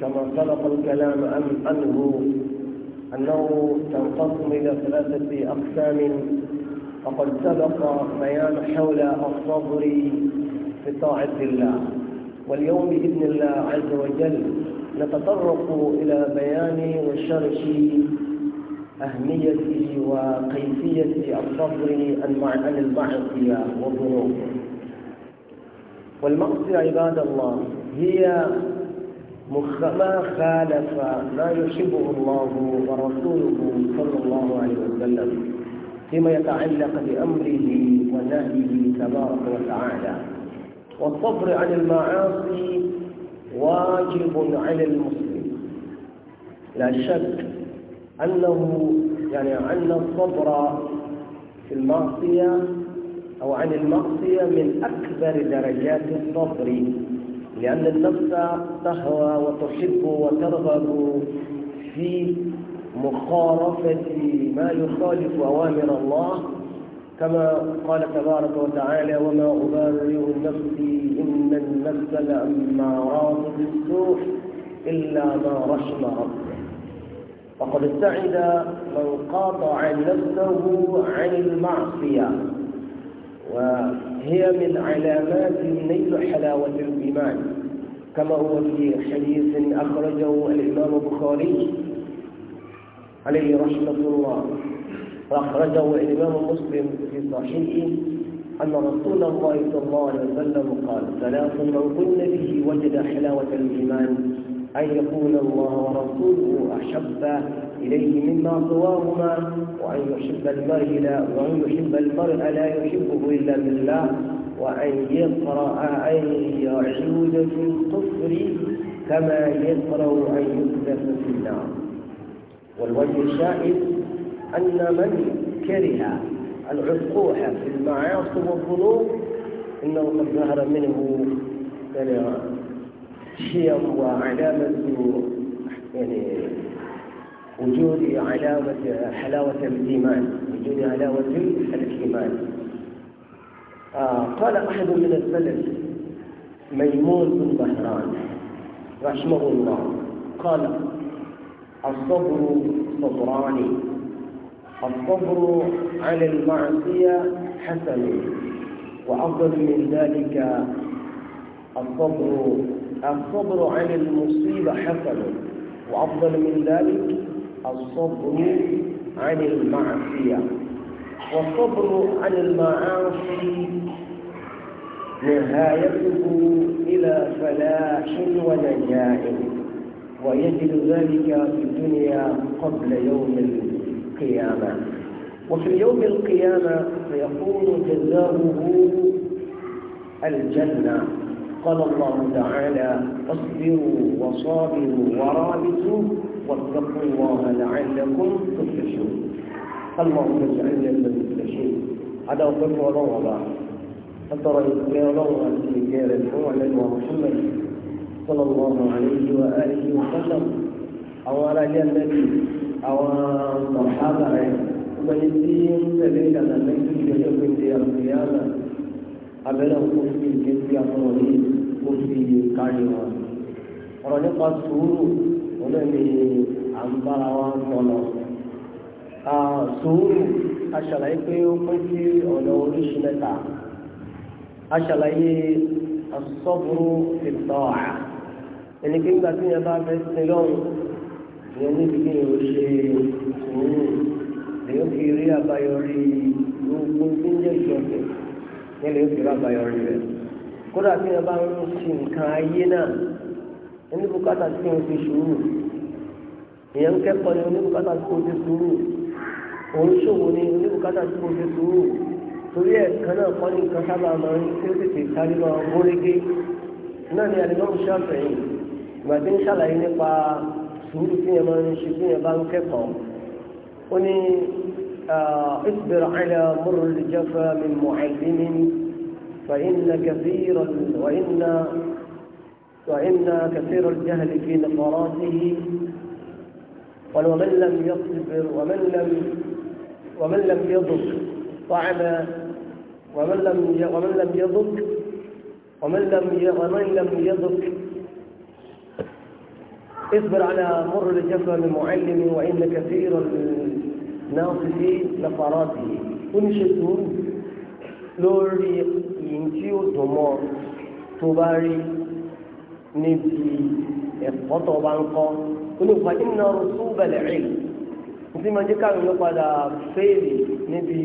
كما سبق الكلام عنه أنه تنقسم إلى ثلاثة أقسام فقد سبق بيان حول الصبر في طاعة الله واليوم بإذن الله عز وجل نتطرق إلى بيان وشرح أهمية وكيفية الصبر عن المعصية والذنوب والمعصية عباد الله هي ما خالف ما يحبه الله ورسوله صلى الله عليه وسلم فيما يتعلق بأمره ونهيه تبارك وتعالى والصبر عن المعاصي واجب على المسلم لا شك أنه يعني أن الصبر في المعصية أو عن المعصية من أكبر درجات الصبر لأن النفس تهوى وتحب وترغب في مخالفة ما يخالف أوامر الله كما قال تبارك وتعالى وما أبرئ نفسي إن النفس لأمارات بالسوء إلا ما رحم ربه وقد ابتعد من قاطع نفسه عن المعصية وهي من علامات نيل حلاوة الإيمان كما هو في حديث أخرجه الإمام البخاري عليه رحمة الله وأخرجه الإمام مسلم في صحيحه أن رسول الله صلى الله عليه وسلم قال ثلاث من كن به وجد حلاوة الإيمان أن يكون الله ورسوله أحب إليه مما سواهما وأن يحب المرء لا وأن يحب المرء لا يحبه إلا بالله وأن يقرأ أن يعود في الكفر كما يقرأ أن يكذب في النار والوجه الشاهد أن من كره العقوح في المعاصي والظنون إنه قد ظهر منه يعني شيم وعلامة يعني وجود علاوة حلاوة الإيمان وجود علاوة الإيمان آه قال أحد من السلف ميمون بن بهران رحمه الله قال الصبر صبران الصبر على المعصية حسن وأفضل من ذلك الصبر الصبر عن المصيبة حسن وأفضل من ذلك الصبر عن المعصية والصبر عن المعاصي نهايته إلى فلاح ونجاة ويجد ذلك في الدنيا قبل يوم القيامة وفي يوم القيامة سيكون جزاؤه الجنة قال الله تعالى اصبروا وصابروا ورابطوا واتقوا الله لعلكم تفلحون اللهم اجعلنا من المفلحين هذا وقف ولوضع أترى يتكالون في كير الحوال ومحمد صلى الله عليه وآله وسلم أو على جنبي أو مرحبا من الدين سبيلا لم يكن يوم القيامة abẹ́lẹ̀ òfin ìgbésí àtọ̀rọ̀ yìí ó fi kárí òun náà ni à ń bára wa ń tọ́ lọ. sùúrù a ṣàlàyé pé ó pín sí ọ̀nà oríṣi mẹ́ta a ṣàlàyé asọ́bùrú ìtọ́ à ẹni pé nígbà tí yẹn bá fẹ́ sin lọ́run ìyẹn níbi kí yẹn ó ṣe sùúrù lèyìn fi rí àbáyọrí gbogbo tí ń jẹ́ ìjọsìn ní lèyìn fi rí àbáyọrí rẹ̀ kódà tí yẹn bá ń ṣe nǹkan ayé náà ẹni bùkátà tí yẹn fi sùúrù èèyàn ń kẹ́kọ̀ọ́ ní oníbùkátà tí kò ṣe sùúrù òun ṣòwò ní oníbùkátà tí kò ṣe sùúrù torí ẹ̀ kan náà kọ́ ní nǹkan sábà máa ń tí ó tètè sáré lọ gbórígé náà ni àdìgbọ́n ṣàfẹ́ yìí ìgbà tí ń ṣàlàyé nípa sùúrù tí yẹn máa ń ṣe tí yẹn bá ń kẹ́kọ̀ọ́ ó ní اصبر على مر الجفا من معلم فإن كثير وإن وإن قال ومن لم يصبر ومن لم ومن لم يذق طعم ومن لم ومن لم يذق ومن لم ومن لم يذق اصبر على مر الجفا المعلم وان كثير الناصفين نفراته كن لوري ينتيو دمو تباري نبي اقطبان قوم onígbà iná súbẹ̀lẹ̀ rìn tí máa jẹ́ káàrin ló padà fèèrè níbi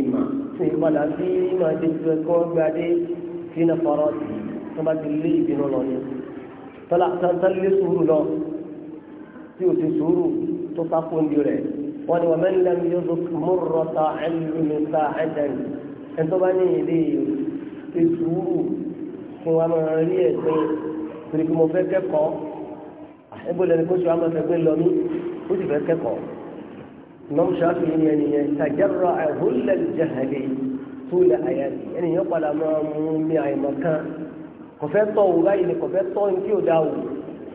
ìmọ̀ tí ń padà sí máa jẹ́ tó ẹ̀kọ́ gbadé tí iná fọ́rọ́ sí tó bá ti lé ìbínú lọ ni tọ́lá tán lé sùúrù lọ tí o ti sùúrù tó sáfó ndí rẹ̀ wọ́n ni wọ́n mẹ́rin lẹ́nu yóò tó múrọ̀ ta ẹ̀lú mi ta ẹ̀jẹ̀ ni tó bá ní ilé ti sùúrù kí máa rí ẹ̀sìn torí kí mo fẹ́ kẹ́kọ̀ọ́ ẹgbẹ́ lẹ́nu kó ama àmọ́ ẹgbẹ́ lọ ní ó sì fẹ́ kẹ́kọ̀ọ́ ìmọ̀mù ṣáàfì yìí ni ẹni yẹn tàjẹ́rọ àìhólẹ̀ jẹ́hẹ̀lẹ̀ tó lẹ̀ ẹni yẹn padà máa mú mi àìmọ̀ kan kò fẹ́ tọ́ òun báyìí ni kò fẹ́ tọ́ ní tí ò dá òun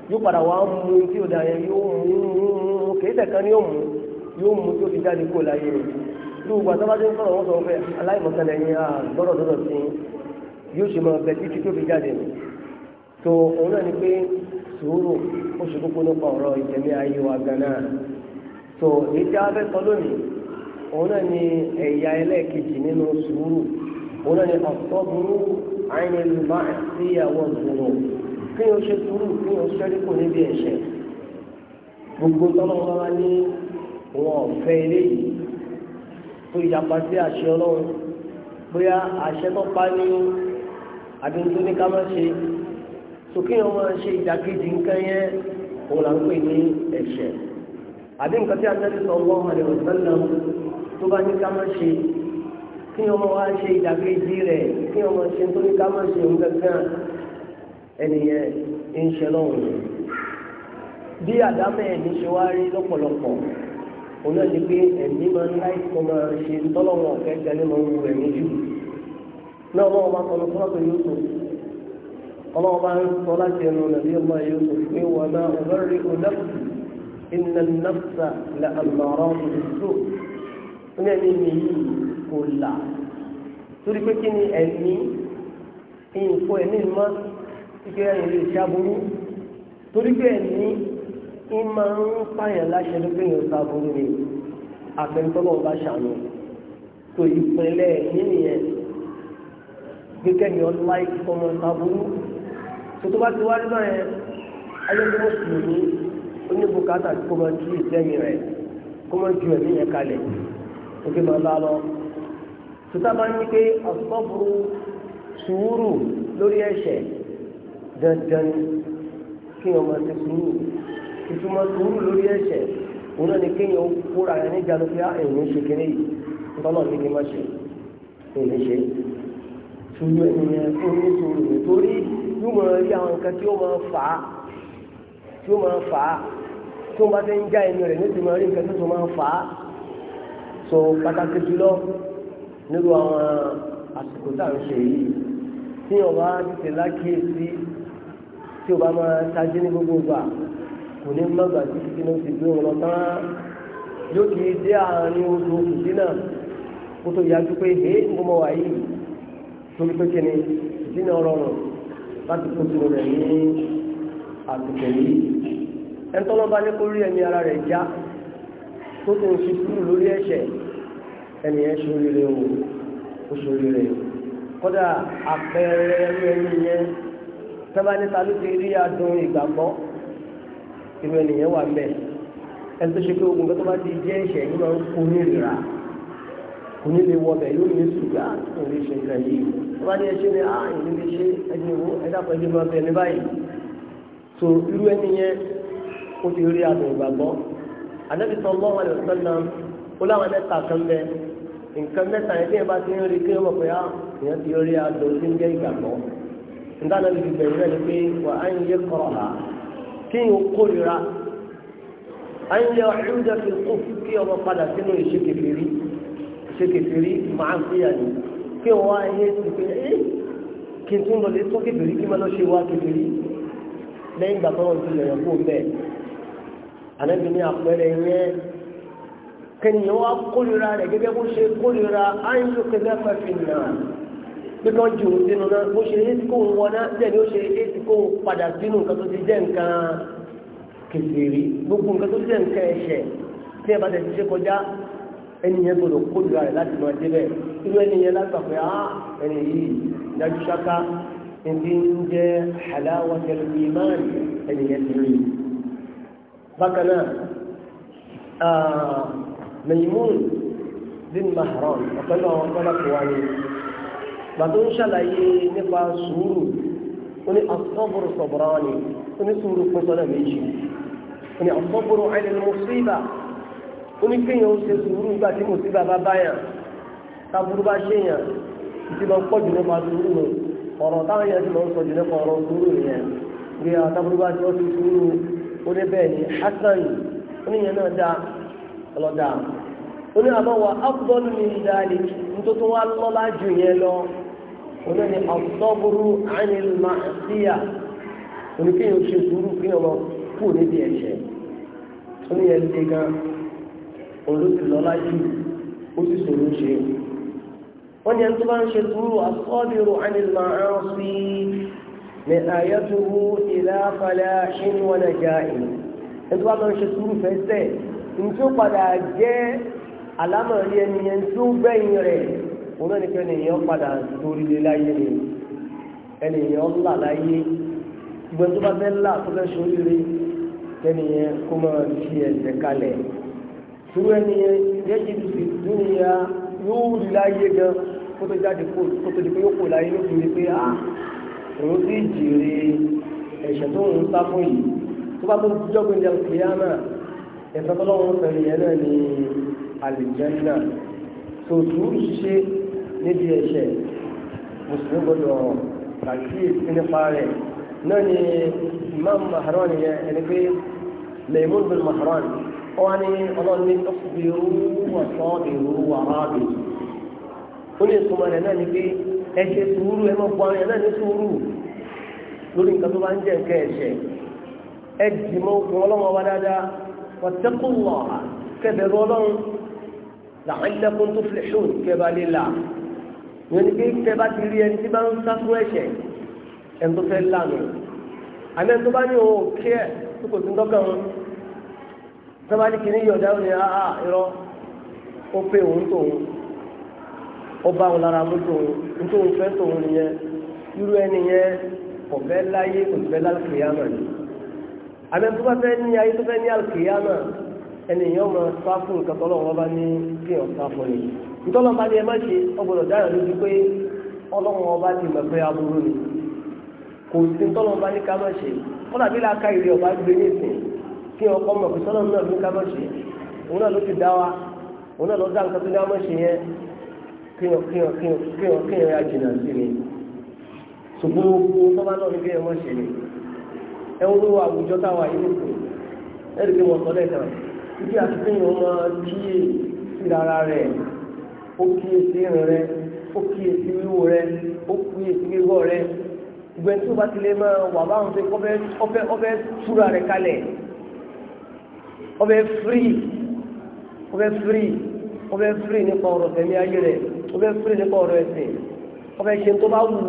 yóò padà wá mú tí ò dá yẹn yóò mú mú mú kèé tẹ̀ kan ni yóò mú yóò mú tó fi jáde kó láyé rẹ̀ lóògùn àtàbájẹ́ ń sọ̀rọ̀ wọ́n sọ fẹ́ aláìmọ̀kan lẹ́yìn àgbọ̀rọ̀ dọ́dọ̀ sí yóò ṣe máa bẹ̀ títí tó fi jáde tó òun náà ni pé sùúrù ó ṣe kókó nípa ọ̀rọ̀ ìtẹ̀mí ayé wa gan-an tó èyí tí lónìí òun náà ni ẹ̀yà ẹlẹ́ẹ̀kejì nínú sùúrù òun náà ni ọ̀tọ́ burú àìnílù máa sí àwọn ìṣòro kí o ṣe sùúrù kí o ṣẹ́rí kò níbi ẹ̀ṣẹ̀ gbogbo tọ́lọ́wọ́ wa ní wọn ọ̀fẹ́ eléyìí tó yapa sí àṣẹ ọlọ́run bóyá àṣẹ tó pa ní àbí sókè yẹn máa ṣe ìdàkejì nǹkan yẹn òun là ń pè ní ẹ̀ṣẹ̀ àbí nǹkan tí Ànábì sallallahu alaihi wasallam tó bá ní ká má ṣe kí yẹn máa wá ṣe ìdàkejì rẹ̀ kí yẹn máa ṣe tó ní ká má ṣe òun kankan ẹnìyẹn ń ṣe lọ́wọ́ bí àdámẹ́ ẹ̀mí ṣe wá rí lọ́pọ̀lọpọ̀ òun náà ni pé ẹ̀mí máa ń láì kọ́ máa ṣe tọ́lọ́wọ̀n ọ̀kẹ́ gẹ́lẹ́ máa ń wù ẹ̀mí jù náà wọ́n máa kọ́ lọ́pọ̀lọpọ̀ yóò tó ọlọ́wọ́ bá ń sọ láti ẹnu nàbí ọmọ Yusuf pé wọ́n náà ọ̀bẹ̀rẹ̀ ọ̀dọ́kùn iná nàfṣà lẹ àmọ̀ràn ọ̀dọ́kùn ní ẹni mi kò là torí pé kí ni ẹ̀mí ìyìnkó ẹ̀mí mọ́ ike ẹ̀yìn lè ṣàbùrú torí pé ẹ̀mí ìmọ̀ ń pààyàn láṣẹ ló pé èèyàn ni àfẹnutọ́lọ́ bá ṣàánú tó ìpínlẹ̀ nínú yẹn gbẹ́kẹ̀mí ọláìkọ́mọ ṣàbùrú tó bá ti wá nínú ẹ ayélujára mùsùlùmí oníbùkátà tí kò máa ju ìsẹ́mi rẹ̀ kò máa ju ẹ̀mí yẹn kalẹ̀ òkè máa bá lọ. tòtá máa ń ní pé àsọ́bùrù sùúrù lórí ẹ̀ṣẹ̀ dandan kí wọ́n máa ti sùúrù ìtumọ̀ sùúrù lórí ẹ̀ṣẹ̀ òun náà ni kéèyàn kóra ẹni jáde pé ẹ̀yìn ṣe kéré yìí ńlọ́nà ní kí n má ṣe ẹ̀yìn ṣe sùúrù ẹ̀yìn ẹ̀ fún mi sùúrù nítorí yóò máa rí àwọn nǹkan tí ó máa fà á tí ó máa fà á tó bá fẹ́ ń já ẹnu rẹ̀ nítorí máa rí nǹkan tó tó máa fà á so pàtàkì jùlọ nínú àwọn àsìkò tá à ń ṣe yìí tí o bá tètè lákìyèsí tí o bá máa ṣáájú ní gbogbo ìgbà kò ní má gbà títí kí ló ti gbé lọ tán yóò kì í dé àárín oṣù òṣìṣẹ́ náà kó tó yájú pé hé ń gbọmọ wà torí pé kíni ìdí náà rọrùn láti kó tó rẹ̀ ní àtìkẹ̀ yìí ẹ̀ńtọ́lọ́ bá ní kó rí ẹ̀mí ara rẹ̀ já tó tó ń fi kúrò lórí ẹ̀ṣẹ̀ ẹnìyẹn ṣoríire o ó ṣoríire kódà àpẹẹrẹ ẹrú ẹni yẹn tẹ́bá níta ló ti rí adùn ìgbàgbọ́ irú ẹnìyẹn wà mẹ́ ẹni tó ṣe pé ogun tó bá ti jẹ́ ẹ̀ṣẹ̀ yìí máa ń kó nírìíra onílé wọbẹ yóò ní sùgbà tó lè ṣe nǹkan yìí wọn bá ní ẹ ṣe ah, ní à ìlú lè ṣe ẹni wo ẹ dàpọ̀ ẹni máa bẹ ní báyìí tó irú ẹni yẹn ó ti rí àmì ìgbàgbọ́ ànábì sọ mọ́ wọn lè náà ó láwọn mẹ́ta kan bẹ nǹkan mẹ́ta yẹn bá ti rí kí wọ́n pè á ah, ti rí àdó tí ń jẹ́ ìgbàgbọ́ nígbà náà lè fi bẹ̀rẹ̀ ṣe kèfèrí máa ń fìyà ní kí wọ́n wá ayé tó pé ẹ́ kí n tún lọ lè tó kèfèrí kí máa lọ ṣe wá kèfèrí lẹ́yìn ìgbà tó wọ́n ti yọ̀yàn kó bẹ́ẹ̀ ànábi ní àpẹẹrẹ yẹn kẹ́nìyàn wá kórìíra rẹ̀ gẹ́gẹ́ bó ṣe kórìíra áńjọ kẹfẹ́ fẹ́ fi nà bí kan jù sínú náà bó ṣe é tí kò ń wọná bẹ́ẹ̀ ó ṣe é tí padà sínú nǹkan tó ti jẹ́ nǹkan kèfèrí gbogbo nǹkan tó ti jẹ́ nǹkan ẹ̀ṣẹ̀ tí ẹ bá tẹ̀ ti ṣe kọjá ẹni yẹn gbọ́dọ̀ kóòdù rẹ̀ láti máa débẹ̀ irú ẹni yẹn lágbàgbé á ẹni yìí dájú ṣáká ẹni ń jẹ́ aláwọ̀ tẹ̀lé ìmáàlì ẹni yẹn ti rí i. bákan náà Maimun bin Mahran ọ̀pẹ́lú àwọn ọ̀pẹ́lá kò wáyé gbàtó ń ṣàlàyé nípa sùúrù ó ní asọ́bùrù sọ̀bùrọ̀ ni ó ní sùúrù pín sọ́nà méjì ó ní asọ́bùrù ala al-musiba ó ní kéèyàn ó ṣe sùúrù nígbà tí mo sí bàbá báyàn táburú bá ṣe yàn ìtì lọ pọ̀ jù nípa sùúrù nù ọ̀rọ̀ táwọn yẹn ti lọ sọ ọ̀rọ̀ sùúrù bí bá ṣe ó ti sùúrù ó ní bẹ́ẹ̀ ni hasan ó ní náà dá ọlọ́dà wa nítorí lọ́lá jù yẹn lọ ni kéèyàn olóṣèlọ́lá yìí ó sì sòrò ṣe wọ́n ní ẹni tó bá ń ṣe sùúrù asọ́bìrù ànìlmọ̀ àrùn sí ní àyẹ́tùrú ìlàfàlẹ́ ṣínwọ́n ẹja ìlú ẹni tó bá máa ń ṣe sùúrù fẹ́sẹ̀ ní tó padà jẹ́ alámọ̀rí ẹni yẹn tó gbẹ̀yìn rẹ̀ òun ẹni pé ènìyàn padà sórí lé láyé ni ènìyàn ńlá láyé gbogbo bá fẹ́ ńlá tó fẹ́ sórí rí ẹnìyẹn kó máa fi ẹsẹ̀ kalẹ̀ ṣùgbọ́n ẹni yẹn yẹ́jì ti dúnìyà yóò rí láyé gan kó tó jáde kó tó di pé yóò kó láyé ló fi rí pé ah òun sì jèrè ẹ̀ṣẹ̀ tó ń sá fún yìí tó bá tó jọ́gbìn ní alùpùpù ẹ̀sán tó lọ́wọ́ sẹ́yìn yẹn náà ní àlìjẹ́nà tó sùúrù ṣe níbi ẹ̀ṣẹ̀ mùsùlùmí gbọdọ̀ kàkíyèsí nípa rẹ̀ náà ni imam mahran yẹn ẹni pé lẹ́yìn mọ́tò mahran wọ́n ní ọlọ́run ní ọkùnrin wọ̀ sọ́ èrò wàrà bì ó ní ìsúnmọ́ rẹ̀ náà ni pé ẹ ṣe sùúrù ẹ mọ̀ bọ́ ara rẹ̀ náà ní sùúrù lórí nǹkan tó bá ń jẹ́ nǹkan ẹ̀ṣẹ̀ ẹ dì mọ́ okùn ọlọ́run wa dáadáa wọ́tẹ́kùnlọ́ kẹbẹ̀rù ọlọ́run làálẹ́kùn tó fi ṣùn kẹba líla ìyẹn ni pé kẹba ti rí ẹni tí bá ń sá fún ẹ̀ṣẹ̀ ẹni tó fẹ́ lánàá àmì ẹni tó bá ní òun kí ẹ̀ sábàlì kìíní yọ̀dá ó ní àá ah, ah, irọ́ ó pé òun tòun ó bá òun lára mú fẹ́ nìyẹn irú ẹni yẹn láyé kò fẹ́ lálùkìyàmà ni àmì tó bá fẹ́ ní ayé tó fẹ́ ní àlùkìyàmà wọn bá ní kí ọba ti mọ̀ pé aburú ni kò sí bá ní ká má ṣe kí ọkọ mọ̀ pẹ̀sọ́nà náà ló ká mọ̀ ṣe òun náà ló ti dá wa òun náà ló dá nǹkan tó ní àmọ̀ ṣe yẹn kéèyàn kéèyàn kéèyàn kéèyàn ya jìnnà sí ni ṣùgbọ́n gbogbo sọ́ba náà ní kéèyàn mọ̀ ṣe ni ẹ ń lo àwùjọ táwa yìí nìkú ẹ rí i pé wọ́n sọ lẹ́ẹ̀kan ibi àti kéèyàn máa kíyè sí ara rẹ̀ ó kíyè sí ìrìn rẹ̀ ó kíyè sí wíwò rẹ̀ ó kíyè sí gbígbọ́ rẹ̀ ìgbẹ́ tí ó bá ti lè máa wà báwọn ṣe kọ́ fẹ́ rẹ̀ kalẹ̀ ọbẹ̀ firi ọbẹ̀ firi ọbẹ̀ firi nípa ọ̀rọ̀ tẹ̀mí ayé rẹ̀ ọbẹ̀ firi nípa ọ̀rọ̀ ẹ̀sìn ọbẹ̀ ṣe tó bá wù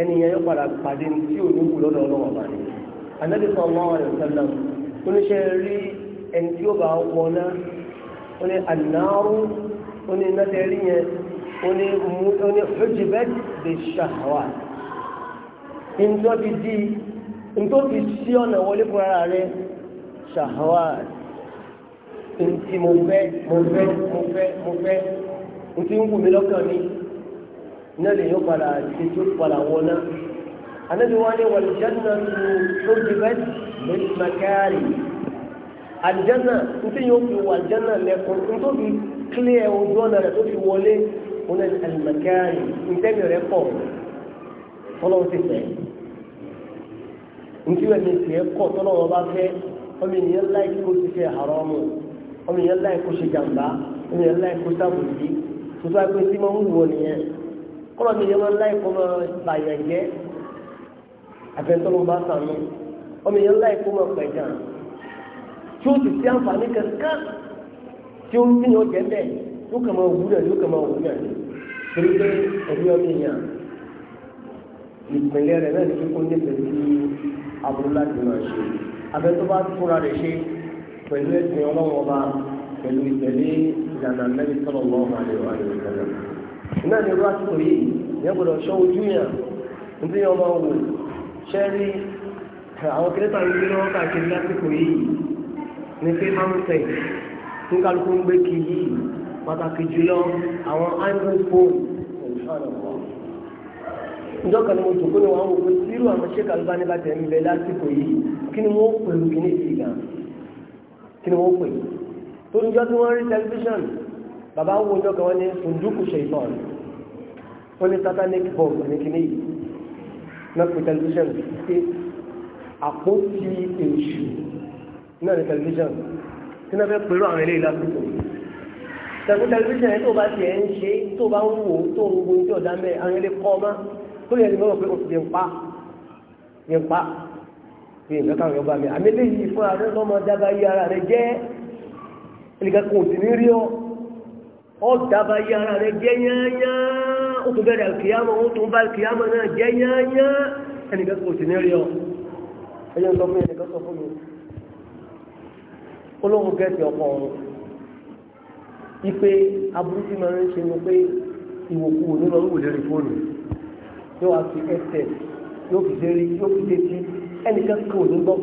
ẹnìyẹn yóò padà pàdé tí ò ní wù lọ́dọ̀ ọlọ́wọ́ bá ní anabi sallallahu o wasallam oníṣẹ́ rí ẹni tí ó bá wọná o ní ànáárú ó ní iná tẹ́rí yẹn ó ní hujjibat bi shahwa ntọ́ ti di ntọ́ ti sí ọ̀nà wọlé fún ara rẹ̀ shahwa ntí mo fẹ́ mo fẹ́ mo fẹ́ mo fẹ́ ntí ń wù mí lọ́kàn mi náà lè yóò padà ṣe tó padà wọ́n náà anabi wani waljanna tu hujibat bil makari aljanna nti yo fi waljanna le ko nto bi clear o dona re to fi wọlé ona al makari nte mi re ko tolo ti se nti we ni se ko tolo ba fe o mi ni like ko ti se haramu ọmọ èèyàn láì kó ṣe jàǹbá ọmọ èèyàn láì kó sábòsí tuntun àgbẹ̀ tí máa ń wù ọ nìyẹn kọ́lọ́ mi èèyàn máa ń láì kó máa bàyàn jẹ́ àfẹ́ntọ́ ló bá sànú ọmọ èèyàn láì kó máa pẹ̀ jàn tí ó ti sí àǹfààní kankan tí ó ń fi yàn jẹ́ bẹ́ẹ̀ ló kàn máa wù ló kàn máa wù torí pé ẹ̀mí ọmọ èèyàn ìpínlẹ̀ rẹ̀ náà ní kíkó nípa ti abúlé láti máa ṣe àfẹ́ntọ́ bá túnra rẹ̀ ṣe pẹ̀lú ẹ̀sìn ọlọ́run ọba pẹ̀lú ìtẹ̀lé ìlànà Ànábì sallallahu alaihi wa sallam. iná ní irú àsìkò yìí yẹn gbọdọ̀ ṣọ́ ojú yàn níbi yẹn ọmọ wò ṣẹ́ rí àwọn kìrìtà ń gbé lọ́wọ́ káàkiri lásìkò yìí ní pé máa ń tẹ̀ ní kálukú ń gbé kì yìí pàtàkì jùlọ àwọn ivory phone ìjọ kan ni mo kí ni wọ́n pè tó níjọ́ tí wọ́n rí tẹlifíṣàn bàbá ń wo ọjọ́ kan wọ́n ní sunduku ṣèitán wọ́n ní satanic bomb ní kíní yìí náà pè tẹlifíṣàn pé àpótí èṣù náà ní tẹlifíṣàn tí náà fẹ́ pẹ̀lú àwọn eléyìí lásìkò tẹ̀kú tẹlifíṣàn yẹn tó bá tiẹ̀ ń ṣe tó bá ń wò tó ń wo ní ọ̀dà mẹ́ àwọn eléyìí kọ́ ọ pé nǹkan káwọn yọba mi àmì eléyìí fún ara rẹ lọ́mọ dábà yí ara rẹ jẹ́ ẹnìkan kò sì ní rí ọ ọ dábà yí ara rẹ jẹ́ yányá ó tún bẹ̀rẹ̀ àkìyàmọ̀ ó tún bá àkìyàmọ̀ náà jẹ́ yányá ẹnìkan kò sì ní rí ọ ẹyẹ ń sọ fún ẹnìkan sọ fún mi olóhùn gẹ̀ẹ́sì ọkọ ọ̀run ipe aburú tí máa ń ṣe ni pé ìwòkú òní lọ wò lérí fóònù yóò wá fi ẹsẹ̀ yóò fi dé etí ẹnìkan kò ní gbọ́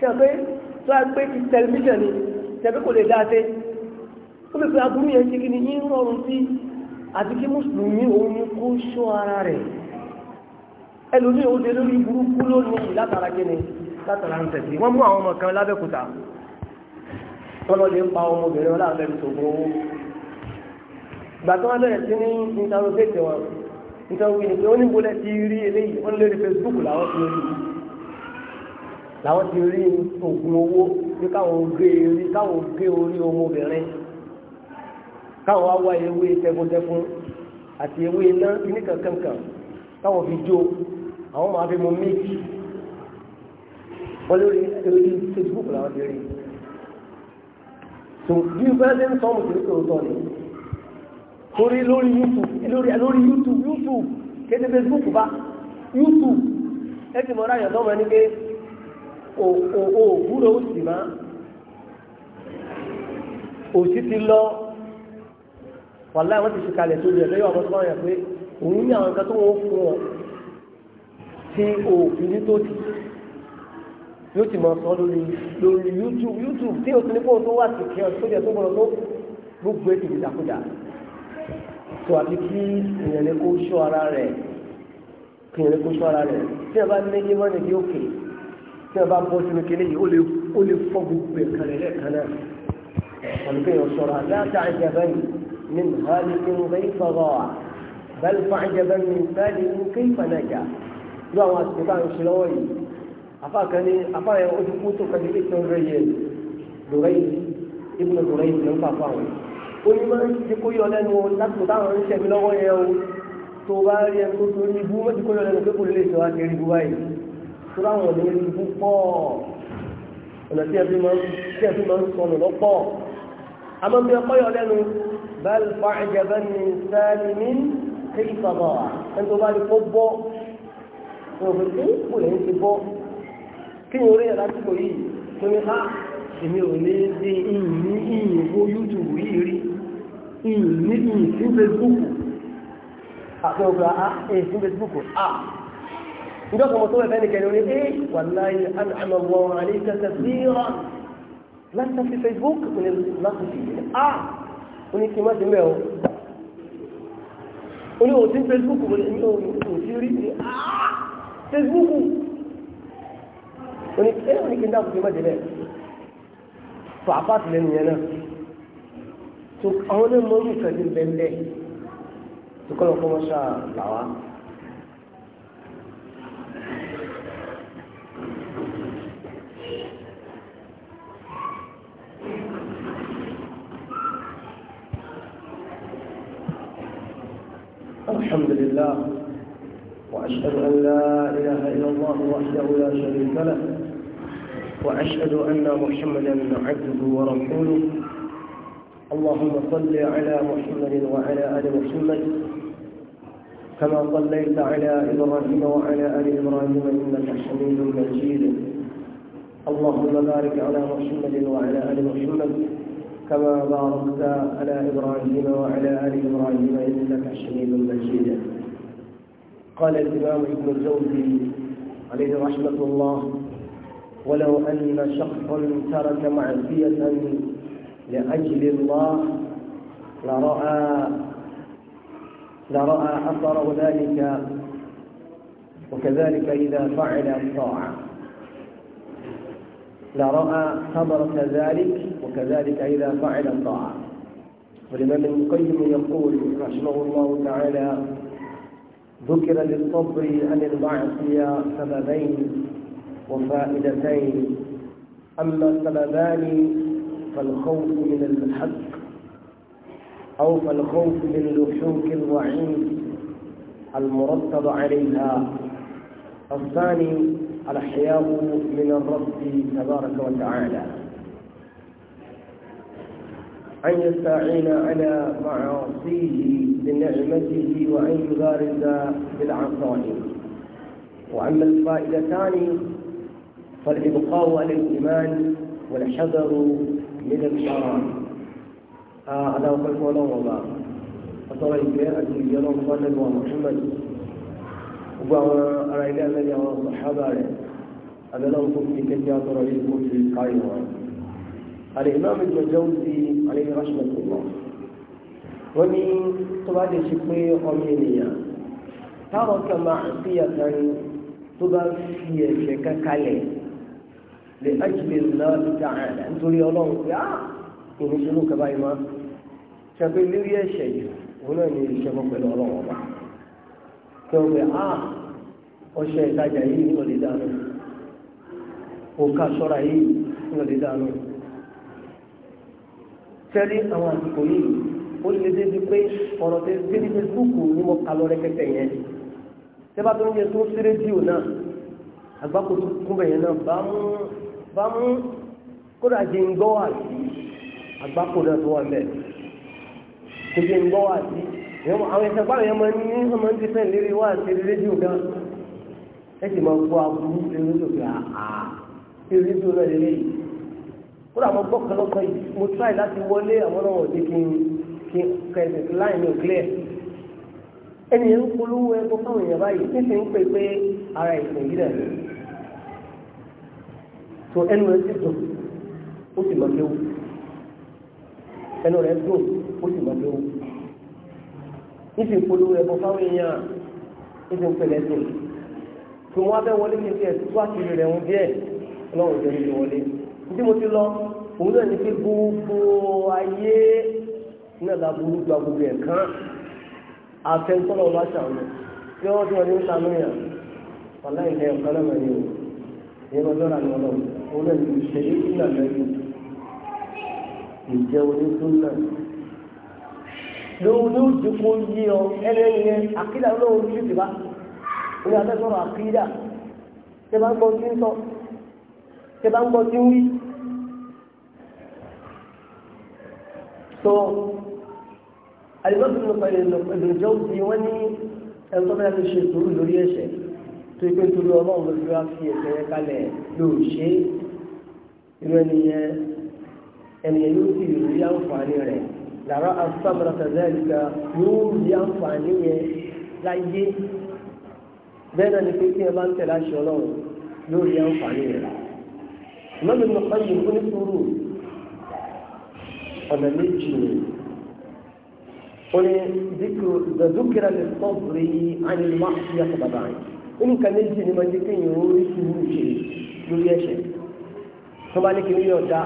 ṣe pé tó a gbé ti tẹlifíṣàn ni tẹ̀bí kò lè dá ṣe ó lè fi aburú yẹn ṣe kí ni yín rọrùn sí àti kí mùsùlùmí òun ni kó ṣọ́ ara rẹ̀ ẹlòmí òun ṣe lórí burúkú lónìí látara kí ni látara ń tẹ̀sí wọ́n mú àwọn ọmọ kan lábẹ́kúta wọ́n lọ lè pa ọmọbìnrin wọn láàbẹ̀ ìṣògùn owó ìgbà tó wọ́n bẹ̀rẹ̀ sí ní ìtàrọ̀gẹ́tì wọn nítorí wí ni pé ó ní bolẹ̀ ti rí eléyìí wọ́n lórí Facebook làwọn fi rí làwọn ti rí oògùn owó bí káwọn gé orí káwọn gé orí ọmọbìnrin káwọn awá ewé tẹfúntẹfún àti ewé iná ní kankankan káwọn fi jó àwọn máa fi mú méjì wọ́n lórí orí Facebook làwọn ti rí so bí bẹ́ẹ̀ ṣe ń sọ mùsùlùmí tó tọ́ ni torí lórí YouTube lórí lórí YouTube YouTube kéde Facebook bá YouTube ẹ ti mọ̀ ráyọ̀ lọ́mọ ẹni pé òwúrò òsì má òsì ti lọ wàláì wọ́n ti fi kalẹ̀ tó yẹ lẹ́yìn ọmọ tó yẹ pé òun ní àwọn nǹkan tó wọ́n fún ọ tí òfin ní tòsí yóò ti mọ sọ lórí youtube youtube tí o ti ní kó o tó wà sí kí ọ tó yẹ tó gbọ́dọ̀ tó gbogbo ètò ìdàkudà tó àti kí ìrìnlẹ kó sọ ara rẹ̀ kí ìrìnlẹ kó sọ ara rẹ̀ tí ẹ bá ní ẹgbẹ́ mọ́ni bí ó tí wọ́n bá bọ́ sínú kí léyìí ó lè fọ́ gbogbo ẹ̀kan rẹ̀ lẹ́ẹ̀kan náà wọn bẹ́ẹ̀ sọ̀rọ̀ àdáta àjẹbẹ́ni ní mùhálí kí n bẹ́ẹ̀ sọ̀rọ̀ à bẹ́ẹ̀ fà àjẹbẹ́ni ní sáàlì ní kéyì fànàjà ló àwọn àti bá ń ṣe lọ́wọ́ yìí afáàkan ní afáàyàn ó ti kú tó kàdé eight hundred years lorraine ibùdó lorraine ló ń fà fáwọn tó láwọn ní orí púpọ̀ ọ̀nà tí ẹbí máa ń tí ẹbí máa ń sọnù lọ́pọ̀ àmọ́ bí ọkọ yọ lẹ́nu bẹ́ẹ̀ fa ẹ̀jẹ̀ bẹ́ẹ̀ ni sẹ́ni ní kéyì sọ̀bọ̀ ẹni tó bá ní kó bọ́ wọn fi ní kò lẹ́yìn ti bọ́ kí ni orí ẹ̀ lásìkò yìí tó ní á èmi ò ní ní ìyìn ìyìn wo YouTube yìí rí ìyìn ní ìyìn sí Facebook àti ọgbà á èyí ah, sí Facebook á. Ah, njọ́ kan mo tó bẹ̀fẹ́ nìkan ní ẹ wàláyé àmọ́ wọn àlékà tẹ̀síra láti fi facebook ní láti fi yìí a ah! ó ní kí n má ti mẹ́ o ó ní òtí facebook mo ní òtí rí ah! ní a facebook ó ní ẹ ó ní kí n dáàbò kí n má ti mẹ́ tó apáàtì lẹ́nu yẹn náà الحمد لله وأشهد أن لا إله إلا الله وحده لا شريك له وأشهد أن محمدا عبده ورسوله اللهم صل على محمد وعلى آل محمد كما صليت على إبراهيم وعلى آل إبراهيم إنك حميد مجيد اللهم بارك على محمد وعلى آل محمد كما باركت على إبراهيم وعلى آل إبراهيم إنك حميد مجيد قال الإمام ابن الجوزي عليه رحمة الله ولو أن شخصا ترك معصية لأجل الله لرأى لرأى أثر ذلك وكذلك إذا فعل الطاعة لرأى خبر كذلك وكذلك إذا فعل الطاعة والإمام القيم يقول رحمه الله تعالى ذكر للصبر عن المعصية سببين وفائدتين أما السببان فالخوف من الحق أو فالخوف من لحوك الوعيد المرتب عليها الثاني الأحياء من الرب تبارك وتعالى أن يستعين على معاصيه بنعمته وأن يبارز بالعصاه وأما الفائدتان فالإبقاء على الإيمان والحذر من الحرام آه، هذا هو القول والله أترى الكلام أن يرى محمد gbogbo àwọn ará ilé ànábì àwọn sàhábà rẹ̀ abẹ́lẹ́wọ̀n tó fi kẹ́kẹ́ àtọ̀rọ̀ yìí kó fi kárí wọn. Al-Imam al-Jawzi alayhi rahmatullah wọ́n ní tó bá lè ṣe pé ọmọ ènìyàn táwọn kan máa ń fi àtàrí tó bá fi ẹ̀ṣẹ̀ kankalẹ̀ lè ájìlè náà níta àná nítorí ọlọ́run pé á ah, ìrìnsẹ̀ ló kaba yìí má ṣàpè lérí ẹ̀ṣẹ̀ yìí òun náà ní ìṣẹ́gun kí o a ọṣẹ ìtajà yìí ní òde dànù òkà ṣọ́ra yìí awa òde dànù tẹ́lẹ̀ àwọn àsìkò yìí ó lè débi pé tẹ ní mo kà lọ yẹn tẹ́bà tó ń yẹ tó agbakọ sí náà àgbákòtò yẹn náà bá mú àwọn ẹ̀sẹ̀ pàrọ̀ yẹn máa ní ọmọ ní fẹ́ lérí wá sí rédíò gan ẹ sì máa kó aburú rédíò pé àá sí rédíò náà lélẹ̀ yìí kó dà mọ́ gbọ́ kọlọ́kọ yìí mo tíráì láti wọlé àwọn náà wọ̀dé kí n kí kẹsì láì ní òkìlẹ̀ ẹni yẹn ń polówó ẹgbó fáwọn èèyàn báyìí ní sì ń pè pé ara ìsìn yìí náà tó ẹnu rẹ sì dùn ó sì máa léwu ẹnu rẹ dùn ó sì máa léwu níbi ìpolówó ẹ̀bọ̀ fáwọn èèyàn níbi ìpẹlẹ tó tó wọn abẹ́ wọlé kí n tiẹ̀ tó àṣírí rẹ̀ ń díẹ̀ ọlọ́run jẹ́ níbi wọlé níbi mo ti lọ òun náà ní pé gbogbo ayé náà la burú gba gbogbo ẹ̀ kán àfẹnusọ́nà ọba ṣàwọn tí wọ́n ti wọn ní ń tanú yàn wàlá ìlẹ̀ ọ̀kan náà mẹ́rin o ìyẹn ọjọ́ náà ni wọ́n òun náà ní ìṣẹ̀lẹ̀ ìṣúná mẹ́rin ìjẹun ní lóhun ló dìbò yí ọ ẹlẹ́yẹ àkídà lóhun tó ti bá ní abẹ́sọ̀rọ̀ àkídà tẹ bá ń gbọ́ tí ń sọ tẹ bá ń gbọ́ tí ń wí. so àdìbọ́sùn nípa ìdòjọ́ ti wọ́n ní ẹ̀rọ bá ti ṣe sùúrù lórí ẹ̀ṣẹ̀ tó ipé torí ọlọ́run ló fi wá fi ẹ̀ṣẹ̀ yẹn kalẹ̀ ló ṣe irú ẹni làrá asámúra kàdáyìíká yóò rí àǹfààní yẹn láyé bẹ́ẹ̀ náà ni pé kí ẹ bá ń tẹ̀lé aṣọ ọlọ́run yóò rí àǹfààní yẹn rà ìmọ̀lẹ́ mi kọ́ yìí fún ìṣòro ọ̀nà méjì ni ó ní dùkìrà lè sọ́ọ̀bùrì ànínmá sí àtàbàbà yìí nǹkan méjì ni máa ń jẹ́ kéèyàn ó rí sùúrù ṣe lórí ẹ̀ṣẹ̀ tó bá ní kí ní ọ̀dà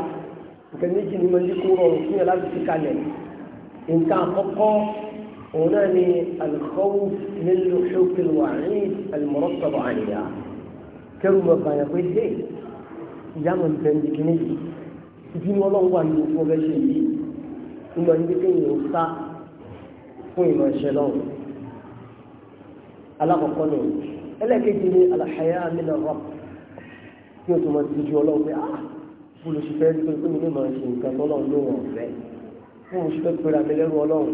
nǹkan méjì ni máa jẹ́ kó rọrùn fún yàrá láti fi kalẹ̀ nǹkan àkọ́kọ́ òun náà ni alikọ́wù nílùú ṣókèlúwà ní alimọ́rọ́sọ̀rọ̀ àníyá kẹrù mọ̀ bàyà pé ṣé ìyá mọ̀ nǹkan ní kíní yìí ìdí ni ọlọ́run wà nínú fún ọbẹ̀ ṣe yìí ìmọ̀ ní pé yìí ó sá fún ìmọ̀ ìṣẹ́ lọ́run alákọ̀ọ́kọ́ ni ẹlẹ́ẹ̀kejì ni alàhàyà mílẹ̀ rọ̀ kí o tó mọ̀ ti ju ọlọ́run pé ah bó ló ṣe fẹ́ pé kí bí mo ṣe fẹ́ pera mi lẹ́rù ọlọ́run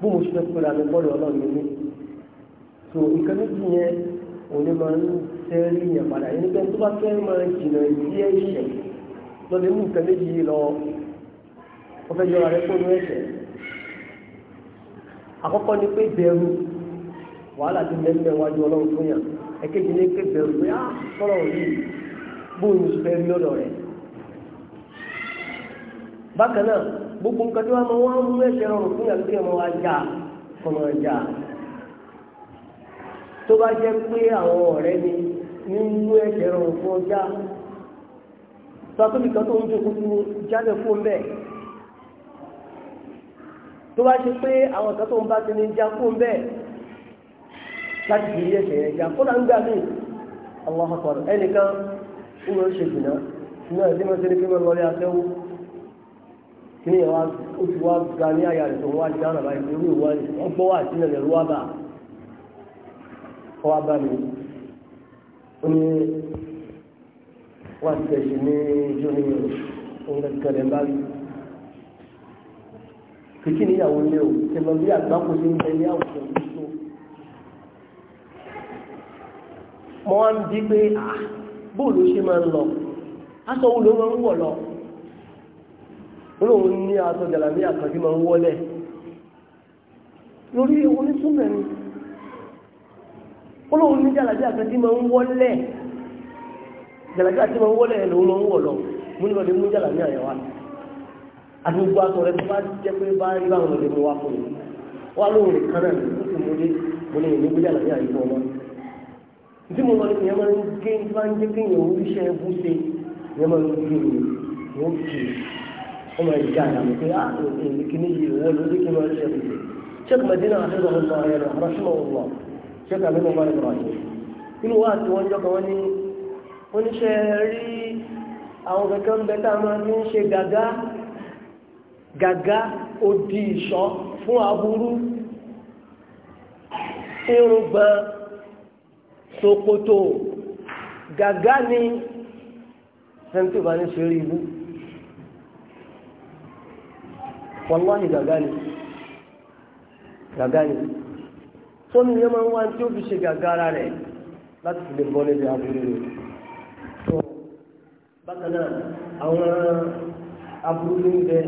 bí mo ṣe fẹ́ pera mi bọ́ọ̀lù ọlọ́run mi ní. tó nǹkan méjì yẹn òun ni máa ń tẹ́rí yẹn padà yẹn nígbà tó bá fẹ́ máa jìnnà ìdí ẹ̀ṣẹ̀ lọ́dẹ mú nǹkan méjì yìí lọ wọ́n fẹ́ yọra rẹ fóònù ẹ̀ṣẹ̀. àkọ́kọ́ ni pé bẹ̀rù wàhálà ti mẹ́mẹ́ wájú ọlọ́run fún yàn ẹ̀kejì ni pé bẹ̀rù pé á ah, yìí bóun ṣe fẹ́ rí ọ̀dọ̀ rẹ̀. bákan náà gbogbo nǹkan tí wọ́n máa wá mú ẹ̀ṣẹ̀ rọrùn fún yàtọ̀ yẹn máa wá jà kọ́ máa tó bá jẹ́ pé àwọn ọ̀rẹ́ ni nínú ẹ̀ṣẹ̀ rọrùn fún ọjà tó kan tó ń jókòó sí jáde fún bẹ́ẹ̀ tó bá ṣe pé àwọn tó ń bá ti ní já fún kíni yẹn wá ó ti wá ga ní àyà rẹ̀ tó wá di dáhùn àbáyé lórí ìwà rẹ̀ wọ́n gbọ́ wà sílẹ̀ lẹ́rú wá bà wá bá mi ó ní wá ti tẹ̀sí ní ijó ní oúnjẹ kẹlẹ̀ ń bá rí kìkì níyàwó lé o tẹ̀lọ bí àgbákò sí ń ní àwùjọ tó mọ́ wá ń bí pé ah, bóòlù ṣe máa ń lọ aṣọ wo ló máa ń wọ̀ lọ olóhun ní aṣọ jàlàbí àkànjú máa ń wọlẹ̀ lórí ewu ní súnmẹ̀ ni olóhun ní jàlàbí àkànjú máa ń wọlẹ̀ jàlàbí àti máa ń wọlẹ̀ lòun máa ń wọ̀ lọ mú ní lọ́dẹ mú jàlàbí àyẹ̀wá àti gbogbo aṣọ rẹ̀ tó bá jẹ́ pé bá rí báwọn lè mú wá fún mi wá lóhun rẹ̀ kan náà ní ó sì mú dé mo lè ní gbé jàlàbí àyẹ̀wá ọmọ mo ní ìyẹn máa ń wọ́n máa jà àmì pé á ah, kìíní yìí wọ́n ló dé kí wọ́n ṣe é sheikh madina ahmed allah ayé lọ rahman allah sheikh abdul mubarak ibrahim inú wa ti wọ́n jọ́kọ̀ wọ́n ní wọ́n ní ṣe rí ṣe gàgá gàgá fún aburú irùngbọ̀n ṣòkòtò gàgá ni ẹni tó bá ní ṣe rí ibú. wàláhì gàgá ni gàgá ni tó ní yẹn máa ń wá tí ó fi ṣe gàgá ara rẹ̀ láti fi lè bọ́ níbi aburú rẹ̀ tó bákan náà àwọn aburú ló ń bẹ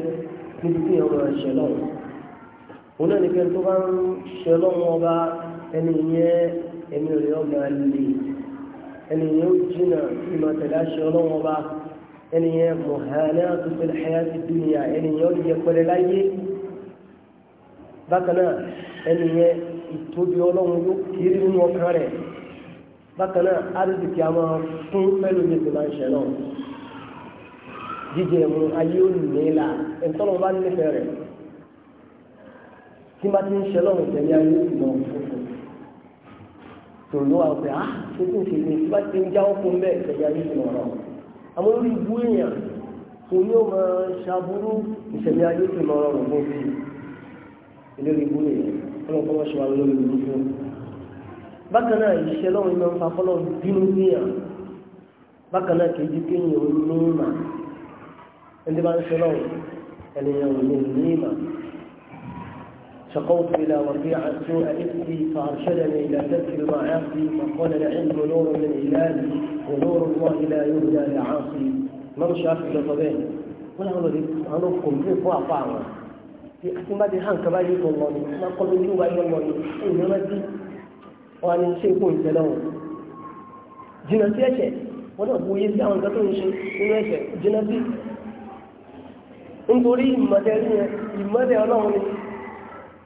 níbi tí yẹn máa òun náà nìkan tó bá ń ṣe lọ́wọ́ ọba ẹni yẹn ẹni rẹ̀ ọ̀gá lè ẹni yẹn ó jìnnà ìmọ̀ tẹ̀lé àṣẹ ọlọ́wọ́ ẹnìyẹn mọ̀hánà tó fẹ́ ṣẹ́yà ti dúnìyà ẹnìyẹn ó yẹ pẹ̀lẹ́ láyé bákan náà ẹnìyẹn ìtóbi ọlọ́run yóò kiri nínú ọkàn rẹ̀ bákan náà àdìsíkì a máa fún pẹ̀lú bí ti máa ń ṣẹ náà jíjẹ mu ayé ó nìyẹn ẹ̀ńtọ́nà bá nífẹ̀ẹ́ rẹ̀ tí bá ti ń ṣe lọ́rùn tẹ̀lé ayé ìmọ̀ òfófó tòun ló wà pé ah tuntun ṣe ni tí bá ti ń jáwọ́ fún bẹ́ẹ̀ tẹ̀lé ayé ìmọ̀ ọ̀rọ̀ àwọn orí ibú èèyàn kò ní ó máa ṣàbúrú ìṣẹ̀lẹ̀ ayé tó lọ rọrùn fún bí ìlérí ibú èèyàn ọlọ́run kọ́ ṣe wà lórí ibú fún bákan náà ìṣẹ́ lọ́run máa ń fa fọ́lọ́ bínú èèyàn bákan náà kì í di kéèyàn ó ní ìmà ẹni bá ń ṣe lọ́run ẹni yẹn ò ní ìmà شقوت إلى وربيع سوء إثمي فأرشدني إلى ترك المعاصي وقال العلم نور من إلهي ونور الله لا يهدى لعاصي من شاف لطبيه ولا أمري أنوفكم في فوع فاعمة في أحمد هان كبالي الله ما قل من يوبا إلى الله إنما دي وأن شيء كون سلام جنا سيأشي ولا أبو يزي عن قطر شيء إنه يشي جنا سي انظري إما تأتي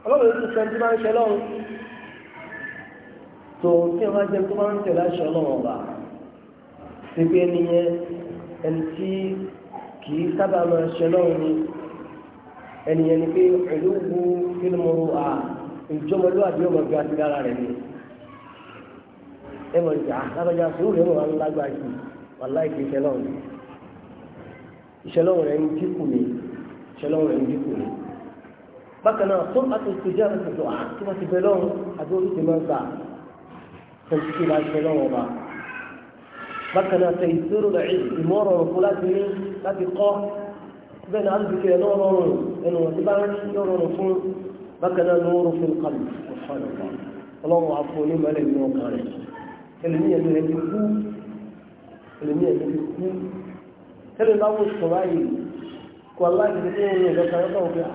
ọlọ́run yóò tún sẹ́ni tí máa ń ṣe lọ́run tó tí wọ́n jẹ́ tó máa ń tẹ̀lé aṣọ ọlọ́run ọba pípé nìyẹn ẹni tí kì í sábà máa ṣe lọ́run ni ẹnìyẹn ni pé pẹ̀lú wu fílmù à ìjọmọlúwàbí ọmọ bí wàá ti dára rẹ̀ ni ẹ mọ̀ ìjà lábàjá sùúrù rẹ̀ wà lágbàá jù wà láìpẹ́ ìṣẹ́ lọ́run ìṣẹ́ lọ́run rẹ̀ ń dínkù ni ìṣẹ́ lọ́run rẹ̀ ń dínkù ni bákan náà tó àti ìtòjá àti ìtòjá tó bá ti bẹ lọ́wọ́ àbí orí ti máa ń gbà tó ti ti máa ń bẹ lọ́wọ́ ọba. bákan náà tẹ ìṣòro rẹ̀ ìmọ̀ rọrùn fún láti ní láti kọ́ bẹ́ẹ̀ náà àlùbí kẹrẹ náà rọrùn ẹnu wọn ti bá ń yọ rọrùn fún bákan náà lóorùn fún kàlù ọlọ́run àfọ onímọ̀lẹ́ ìlú ọkàn rẹ̀ ẹlòmíyàn ló ti kú ẹlòmíyàn ló ti kú tẹ́lẹ̀ láwọn sọ̀rọ̀ ayé kọ́ aláìsí tó ń rìn lọ́kàn rẹ̀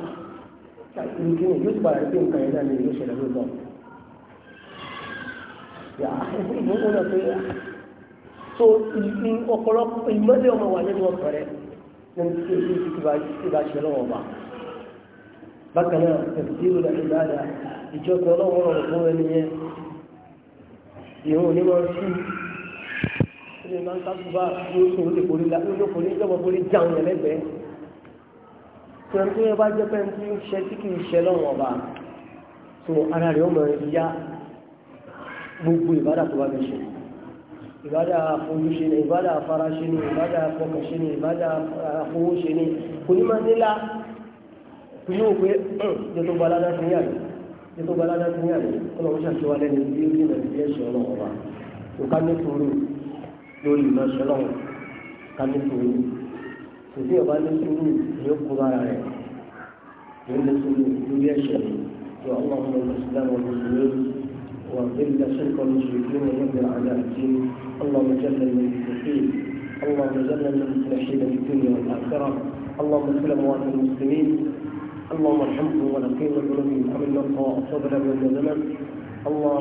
ìlú kí yóò ti padà sí nǹkan yẹn náà ní ìlú ìṣẹ̀lẹ̀ lóòótọ́ ìmọ̀ so ọ̀pọ̀lọpọ̀ ìmọ̀lẹ̀ ọmọ wà nínú ọkọ̀ rẹ̀ nínú tí èyí ti bá ṣe lọ́wọ́ wa bákan náà tẹ̀síìrù rẹ̀ ìgbàdà ìjọba ọlọ́wọ́ rẹ̀ fún ẹni yẹn ìhun onímọ̀ sí ilé máa ń sábà ní oṣù olókòrí ìjọba orí jáun tẹ̀rù tó yẹ bá jẹ́ pé tí ń ṣe tí kìí ṣe lọ́wọ́ ọba tó ara rẹ̀ ọmọ rẹ̀ yá gbogbo ìbádà tó bá fi ṣe ìbádà àfojúṣe ni ìbádà afáraṣe ni ìbádà afọkànṣe ni ìbádà afowóṣe ni onímọ̀délá yóò pé ẹ̀ tó balada fún yàrá ní sùúrù lórí kò sí ọba ní sùúrù yóò kó bára rẹ̀ yóò lè sùúrù lórí ẹ̀ṣẹ̀ yóò شرك المشركين وينزل على الدين اللهم جل من المسلمين اللهم جل من المسلمين في الدنيا والآخرة اللهم سلم وأنت المسلمين اللهم ارحمهم ونقيم ذنوبهم ومن نقى صبر من الزمن الله